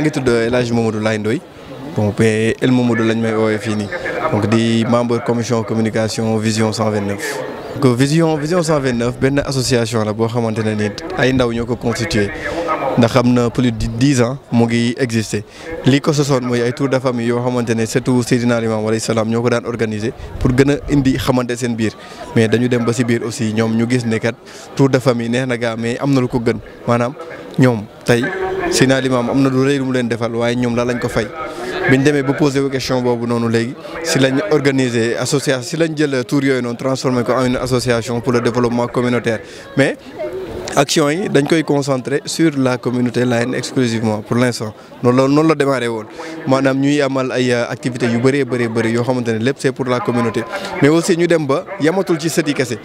maa ngi tudd El Hadj Mamadou Laye Ndoye may woowee fii nii donc di membre commission communication vision 129. donc vision vision 129 benn association la boo xamante ne nii ay ndaw ñoo ko constitué ndax am na plus de dix ans mu ngi existé lii ko sosoon mooy ay tour de famille yoo xamante ne surtout Seydina Limamou alayhi salaam ñoo ko daan organisé pour gën a indi xamante seen biir mais dañu dem ba si biir aussi ñoom ñu gis ne kat tour de famille neex na gaa mais am na lu ko gën maanaam ñoom tey. Seydina Limaamu am na lu rëy lu mu leen defal waaye ñoom la lañ ko fay bi ñu demee ba posé question boobu noonu léegi si lañ organisé association si lañ jël tour yooyu noonu transformé ko en une association pour le développement communautaire mais action yi dañ koy concentre sur la communauté layène exclusivement pour l'instant noonu la noonu la démarré woon maanaam ñuy amal ay euh, activités yu bëree bëree bëri yoo xamante ne lépp c'est pour la communauté mais aussi ñu dem ba yamatul ci sëti kese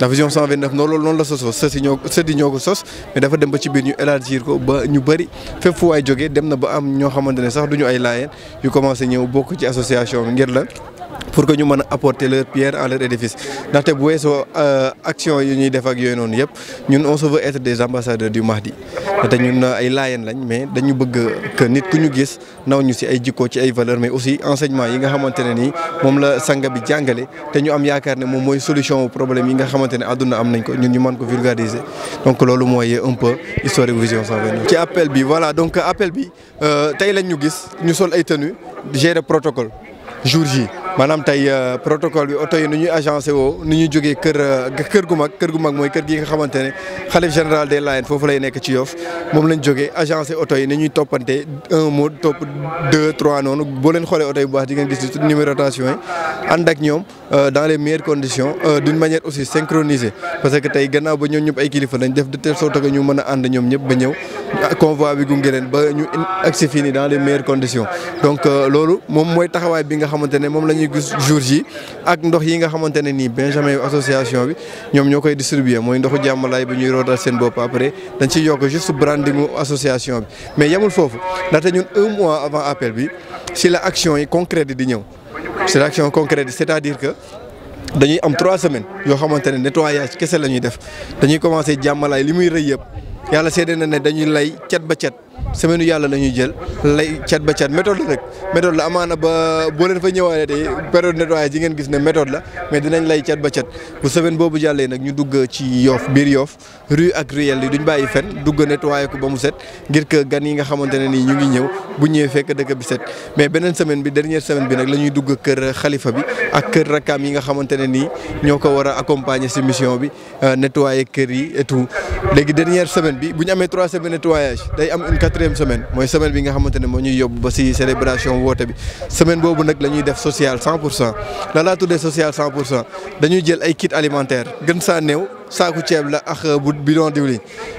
ndax vision 129 noonu loolu noonu la sosoo sës yi ñoo sët ko sos mais dafa dem ba ci biir ñu élargir ko ba ñu bëri fépp fu waay jógee dem na ba am ñoo xamante ne sax duñu ay laayeen yu commencé ñëw bokk ci association bi ngir la pour que ñu mën a apporter leur pierre à leur édifice ndaxte bu weesoo euh, action yi ñuy def ak yooyu noonu yëpp ñun on se veut être des ambassadeurs du Mahdi te ñun euh, ay laayeen lañ mais dañu bëgg que nit ku ñu gis naw ñu si ay jikko ci ay valeurs aussi enseignement yi nga xamante ne nii moom la sanga bi jàngale te ñu am yaakaar ne moom mooy solution problème yi nga xamante ne àdduna am nañ ko ñun ñu mën ko vulgariser donc loolu mooy un peu historique ci appel bi voilà donc appel bi euh, tey lañ ñu gis ñu sol ay tenues gere protocole jour J. maanaam tey euh, protocole bi oto yi nu ñuy agencé woo ni ñuy jógee kër euh, kër gu mag kër gu mag mooy kër gi nga xamante ne xalif général des Layènes foofu lay nekk ci Yoff moom lañ jóge agencé oto yi ni ñuy toppante un mot topp deux trois noonu boo leen xoolee oto yi bu baax di ngeen gis numérotation yi ànd ak ñoom euh, dans les meilleures conditions d'une manière aussi synchronisée parce que tey gannaaw ba ñëw ñëpp ay kilifa nañ def de telle sorte que ñu mën a ànd ñoom ñëpp ba ñëw convoi bi gunge leen ba ñu agsi fii nii dans les meilleures conditions donc euh, loolu moom mooy taxawaay bi nga xamante ne moom la ñuy gis jour yi ak ndox yi nga xamante ne nii Benjamin association bi ñoom ñoo koy distribuer mooy ndoxu jàmmalaay bi ñuy rootal seen bopp après dañ ciy yokk juste brandingu association bi mais yemul foofu ndaxte ñun un mois avant appel bi si la action yi concrète di ñëw si la action concrète c'est-à-dire que dañuy am trois semaines yoo xamante ne nettoyage kese la ñuy def dañuy commencer jàmmalaay li muy rëy yëpp yàlla seede na ne dañuy lay cet ba cet semaine yàlla la ñuy jël lay cat ba cat méthode la rek méthode la amaana ba boo leen fa ñëwaale tey période nettoyage yi ngeen gis ne méthode la mais dinañ lay cat ba cat bu semaine boobu jàllee nag ñu dugg ci yoof biir yoof rue ak ruelle yi duñ bàyyi fen dugg nettoyé ko ba mu set ngir que gan yi nga xamante ne nii ñu ngi ñëw bu ñëwee fekk dëkk bi set mais beneen semaine bi dernière semaine bi nag la ñuy dugg kër xalifa bi ak kër rakkaam yi nga xamante ne nii ñoo ko war a accompagner si mission bi euh, nettoyé kër yi et tout léegi dernière quatrième semaine mooy semaine bi nga xamante ne moo ñuy yóbbu ba si célébration woote bi semaine boobu nag la ñuy def social 100 pour cent la laa tuddee social 100 pour cent dañuy jël ay kit alimentaire gën saa néew saaku ceeb la ak bu bidon diwlin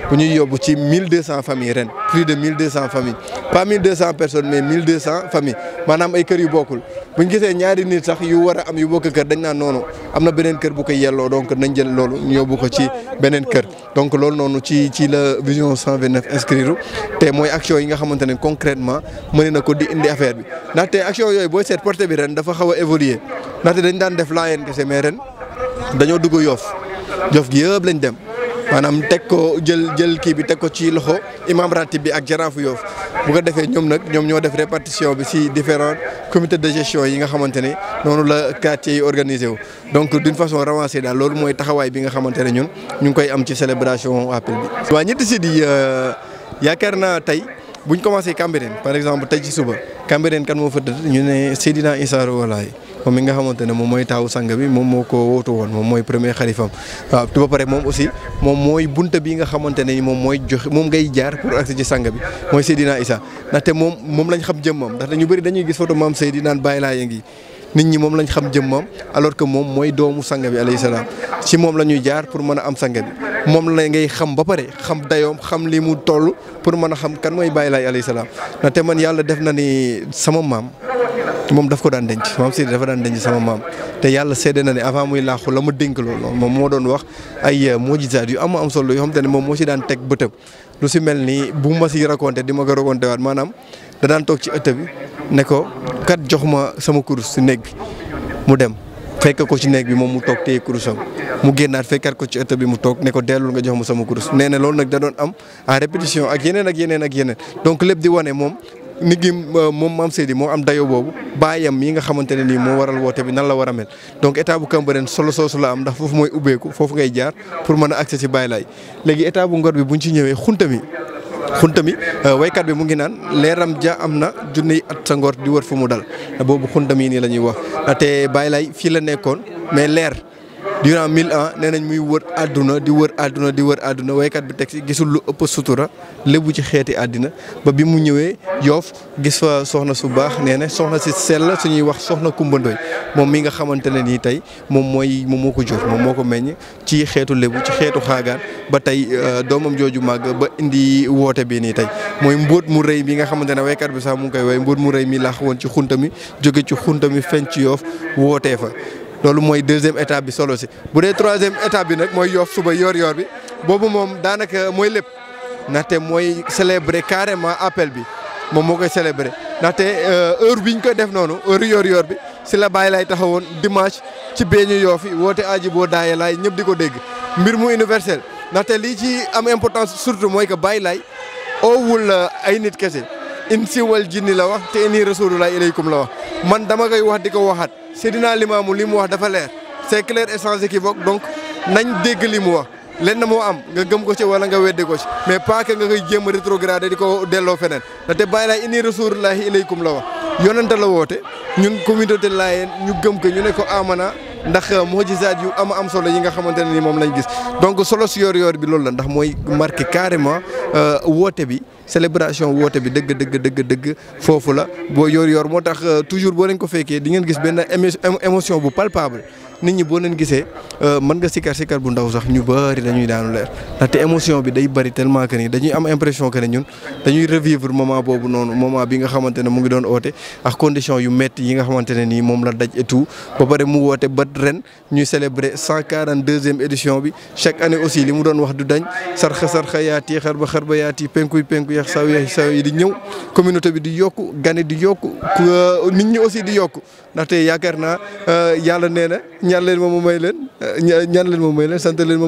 bu ñuy yóbbu ci 1200 familles ren plus de 1200 familles pas 1200 personnes mais 1200 familles maanaam ay kër yu bokkul bu ñu gisee ñaari nit sax yu war a am yu bokk kër dañ naan noonu am na beneen kër bu ko yelloo donc nañ jël loolu ñu yóbbu ko ci beneen kër donc loolu noonu ci ci la vision 129 inscrire te mooy action yi nga xamante ne concrètement mëne na ko di indi affaire bi ndaxte action yooyu booy seet porté bi ren dafa xaw a évoluer ndaxte dañ daan def laayeen kese mais ren dañoo dugg yoof jof gi yëpp lañ dem maanaam teg ko jël jël kii bi teg ko ci loxo imam ratib bi ak jaraafu yoof bu ko defee ñoom nag ñoom ñoo def répartition bi si différents comités de gestion yi nga xamante ne noonu la quartier yi organisé wu. donc d'une façon avancée daal loolu mooy taxawaay bi nga xamante ne ñun ñu ngi koy am ci célébration appel bi. waa ñetti sites yi euh, yaakaar naa tey buñ commencé Cambérène par exemple tey ci suba Cambérène kan moo fa tëdd ñu ne Seydina Issa Rouhou Laye moom mi nga xamante ne moom mooy taawu sang bi moom moo ko wootu woon moom mooy premier xalifam waaw te ba pare moom aussi moom mooy bunta bi nga xamante ne moom mooy joxe moom ngay jaar pour agsi ci bi mooy Seydina Isa ndaxte moom moom lañ xam jëmmam ndaxte ñu bëri dañuy gis maam Seydi naan bàyyi laa yëngi nit ñi moom lañ xam jëmmam alors que moom mooy doomu sang bi alayhi salaam si moom la ñuy jaar pour mën a am sang bi moom la ngay xam ba pare xam dayoom xam li mu toll pour mën a xam kan mooy bàyyi laay alayhi salaam ndaxte man yàlla def na ni sama maam moom daf ko daan denc maam Sidi dafa daan denc sama maam te yàlla seede na ne avant muy laaxu la ma dénk loolu moom moo doon wax moo ay euh, mojisaat yu am am solo yoo xam te ne moom moo si daan teg bëtëm lu si mel nii bu ma si raconté di ma ko raconté waat maanaam da toog ci ëtt bi ne ko kat jox ma sama kurus si néeg bi mu dem fekk ko ci néeg bi moom mu toog téye kurusam mu génnaat fekkaat ko ci ëtt bi mu toog ne ko dellul nga jox ma sama kurus nee na loolu nag da doon am à répétition ak yeneen ak yeneen donc lépp di wane moom nit ngi euh, moom maam Seydi moo am dayo boobu baayam yi nga xamante ne nii moo waral woote bi nan la war a mel donc état bu Cambérène solo soosu la am ndax foofu mooy ubbeeku foofu ngay jaar pour mën a accès ci Baay Laay léegi état bu Ngor bi buñ ci ñëwee xunta mi xunta mi euh, waykat bi mu ngi naan leeram ja am na junniy at sa ngor di war fu mu dal boobu xunta mi nii la ñuy wax te Baay Laay fii la nekkoon mais leer durant mille ans nee nañ muy wër àdduna di wër àdduna di wër àdduna waykat bi teg ci gisul lu ëpp sutura lébu ci xeeti àddina ba bi mu ñëwee Yoff gis fa soxna su baax nee na soxna si sell ñuy wax soxna Kumba moom mi nga xamante ne nii tey moom mooy moom moo ko jur moom moo ko meññ ci xeetu lébu ci xeetu xaagaan ba tey euh, doomam jooju màgg ba indi woote bi nii tey mooy mbóot mu rëy bi nga xamante ne waykat bi sax mu ngi koy way mbóot mu rëy mi laax woon ci jóge ci xunta mi feeñ ci Yoff wootee fa loolu mooy deuxième étape bi solo si bu dee troisième étape bi nag mooy yoof suba yor-yor bi boobu moom daanaka mooy lépp ndaxte mooy célébrer carrément appel bi moom moo koy célébrer ndaxte euh, bi ñu ko def noonu heure yor-yor bi si la bàyyi lay taxawoon dimanche ci beeñu yoof yi woote aji boo daaye laay ñëpp di ko dégg mbir mu universel ndaxte lii ci am importance surtout mooy que bàyyi laay oowul euh, ay nit kese. in si wal jinni la wax te inni rasulullah ilaykum la wax man dama koy wax di ko waxaat Seydina Limaamu li mu wax dafa leer c'est clair et sans équivoque donc nañ dégg li mu wax lenn moo am nga gëm ko ci wala nga weddi ko ci mais pas que nga koy jéem a rétrogradé di ko delloo feneen te bàyyi laa inni rasulullah ilaykum la wax yonente la woote ñun communauté laayeen ñu gëm ko ñu ne ko amana ndax mojisaat yu am am solo yi nga xamante ne ni moom lañ gis donc solo si yoor yoor bi loolu la ndax mooy marqué carrément euh, woote bi célébration woote bi dëgg dëgg dëgg dëgg foofu la boo yoor yoor moo tax euh, toujours boo leen ko fekkee di ngeen gis benn émotion bu palpable nit ñi boo leen gisee euh, mën nga sikar sikar bu ndaw sax ñu bëri dañuy daanu leer ndaxte émotion bi day bëri tellement que ni dañuy am impression que ne ñun dañuy revivre moment boobu noonu moment bi nga xamante ne mu ngi doon oote ak condition yu métti yi nga xamante ne nii moom la daj et tout ba pare mu woote ba ren ñu célébrer cent quarante deuxième édition bi chaque année aussi li mu doon wax du dañ sarxa sarxa yaati xar ba xar ba yaati penkuy penku yax saw yax saw yi di ñëw communauté bi di yokku gane di yokku euh, nit ñi aussi di yokku ndaxte yaakaar naa euh, yàlla nee na ñaan leen ma mu may leen ñaan leen ma may leen sant leen ma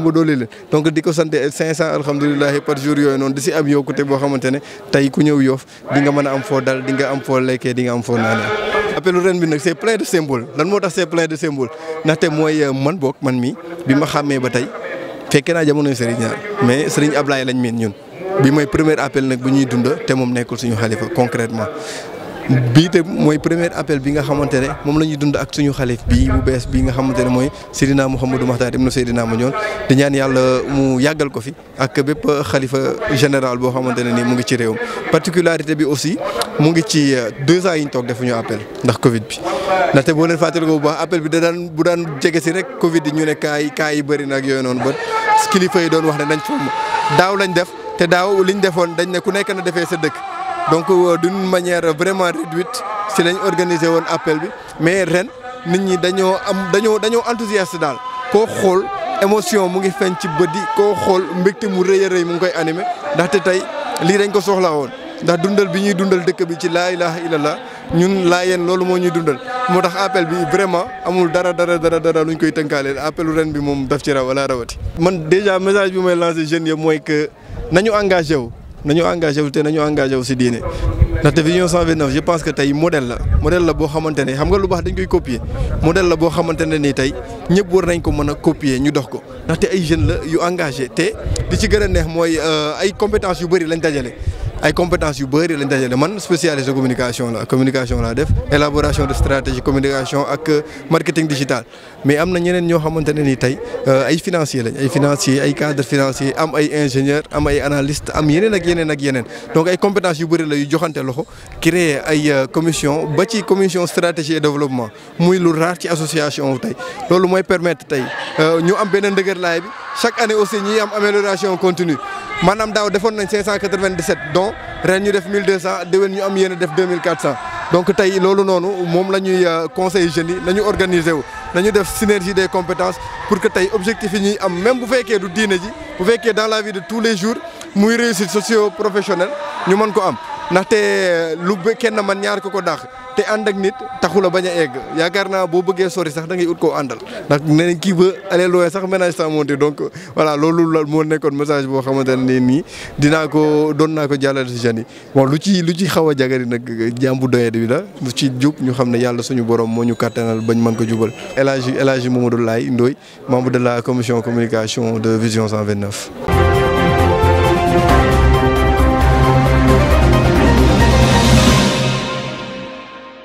donc di ko sant cinq cent alhamdulilah par yooyu noonu di si am yokkute boo xamante ne tey ku ñëw yoof di nga a am foo dal di am foo lekkee di am foo naanee appelu ren bi nag c'est plein de symbole lan moo tax c'est plein de symbole ndaxte mooy euh, man boog man mi bi ma xàmmee ba tey fekkee naa jamonoy Serigne Niang mais Serigne Ablaye lañ meen ñun bi mooy premier appel nag bu ñuy dund te moom nekkul suñu xalifa concrètement bii te mooy premier appel bi nga xamante ne moom la ñuy dund ak suñu xalif bii bu bees bii nga xamante ne mooy Seydina Mouhamadou Makhtar ibnu Seydina Mandione di ñaan yàlla mu yàggal ko fi ak bépp xalifa général boo xamante ne nii mu ngi ci réew réewam particularité bi aussi mu ngi ci euh, deux ans yi ñu toog defuñu appel ndax Covid bi ndaxte boo leen fàttalikoo bu baax appel bi da daan bu daan jege si rek Covid yi ñu ne kaa yi kaa yi bëri na ak yooyu noonu ba kilifa yi doon wax ne nañ fomm daaw lañ def te daaw liñ defoon dañ ne ku nekk na defee sa dëkk. donc euh, d'une manière vraiment réduite si lañ organiser woon appel bi mais ren nit ñi dañoo am dañoo dañoo enthousiaste daal koo xool émotion mu ngi feeñ ci bët yi koo xool mbégte mu rëy a rëy mu ngi koy animé ndaxte tey lii dañ ko soxla woon ndax dundal bi ñuy dundal dëkk bi ci laa ilaha illallah ñun laa laayeen loolu moo ñuy dundal moo tax appel bi vraiment amul dara dara dara dara luñ koy tënkaaleel appelu ren bi moom daf ci raw wala rawati man déjà message bi may lancé jeunes yëpp mooy que nañu engagé wu nañu engagé wu te nañu engagé wu si diine ndaxte vision 129 je pense que tey modèle la modèle la boo xamante xam nga lu baax dañ koy copier modèle la boo xamante ne nii tey ñëpp war nañ ko mën a copier ñu dox ko ndaxte ay jeunes la yu engagé te li ci gën a neex mooy euh, ay compétences yu bëri lañ dajale. ay compétences yu bëri lañ dajale man spécialiste de communication la communication laa def élaboration de stratégie communication ak euh, marketing digital mais am na ñeneen ñoo xamante ne ni euh, ay financier lañ ay financier ay cadre financier am ay ingénieur am ay analiste am yeneen ak yeneen ak yeneen donc ay compétences yu bëri la yu joxante loxo créer ay euh, commission ba ci commission stratégie et développement muy lu raar ci association wu loolu mooy permettre tey ñu am benn ndëgërlaay bi chaque année aussi am amélioration continue maanaam daaw defoon nañ 597 donc ren ñu def 1200 déwén ñu am yéen a def 2400 donc tey loolu noonu moom la ñuy euh, conseil jeunes yi nañu organiser wu nañu def synergie des compétences pour que tey objectif yi ñuy am même bu fekkee du diine bu fekkee dans la vie de tous les jours muy réussite socio professionnelle ñu mën ko am ndaxte lu kenn man ñaar ko ko dàq te ànd ak nit taxula bañ a egg yaakaar naa boo bëggee sori sax da ngay ut ko àndal ndax nee nañ kii ba sax loin sax ménage sans monter donc voilà loolu la moo nekkoon message boo xamante ne nii dinaa ko doon naa ko jàllale si yi bon lu ci lu ci xaw a jagari nag jàmbu doyet bi la lu ci jub ñu xam ne yàlla suñu borom moo ñu kàttanal bañ mën ko jubal El Hadji moom Hadji Mamadou Laye Ndoye membre de la commission communication de Vision 129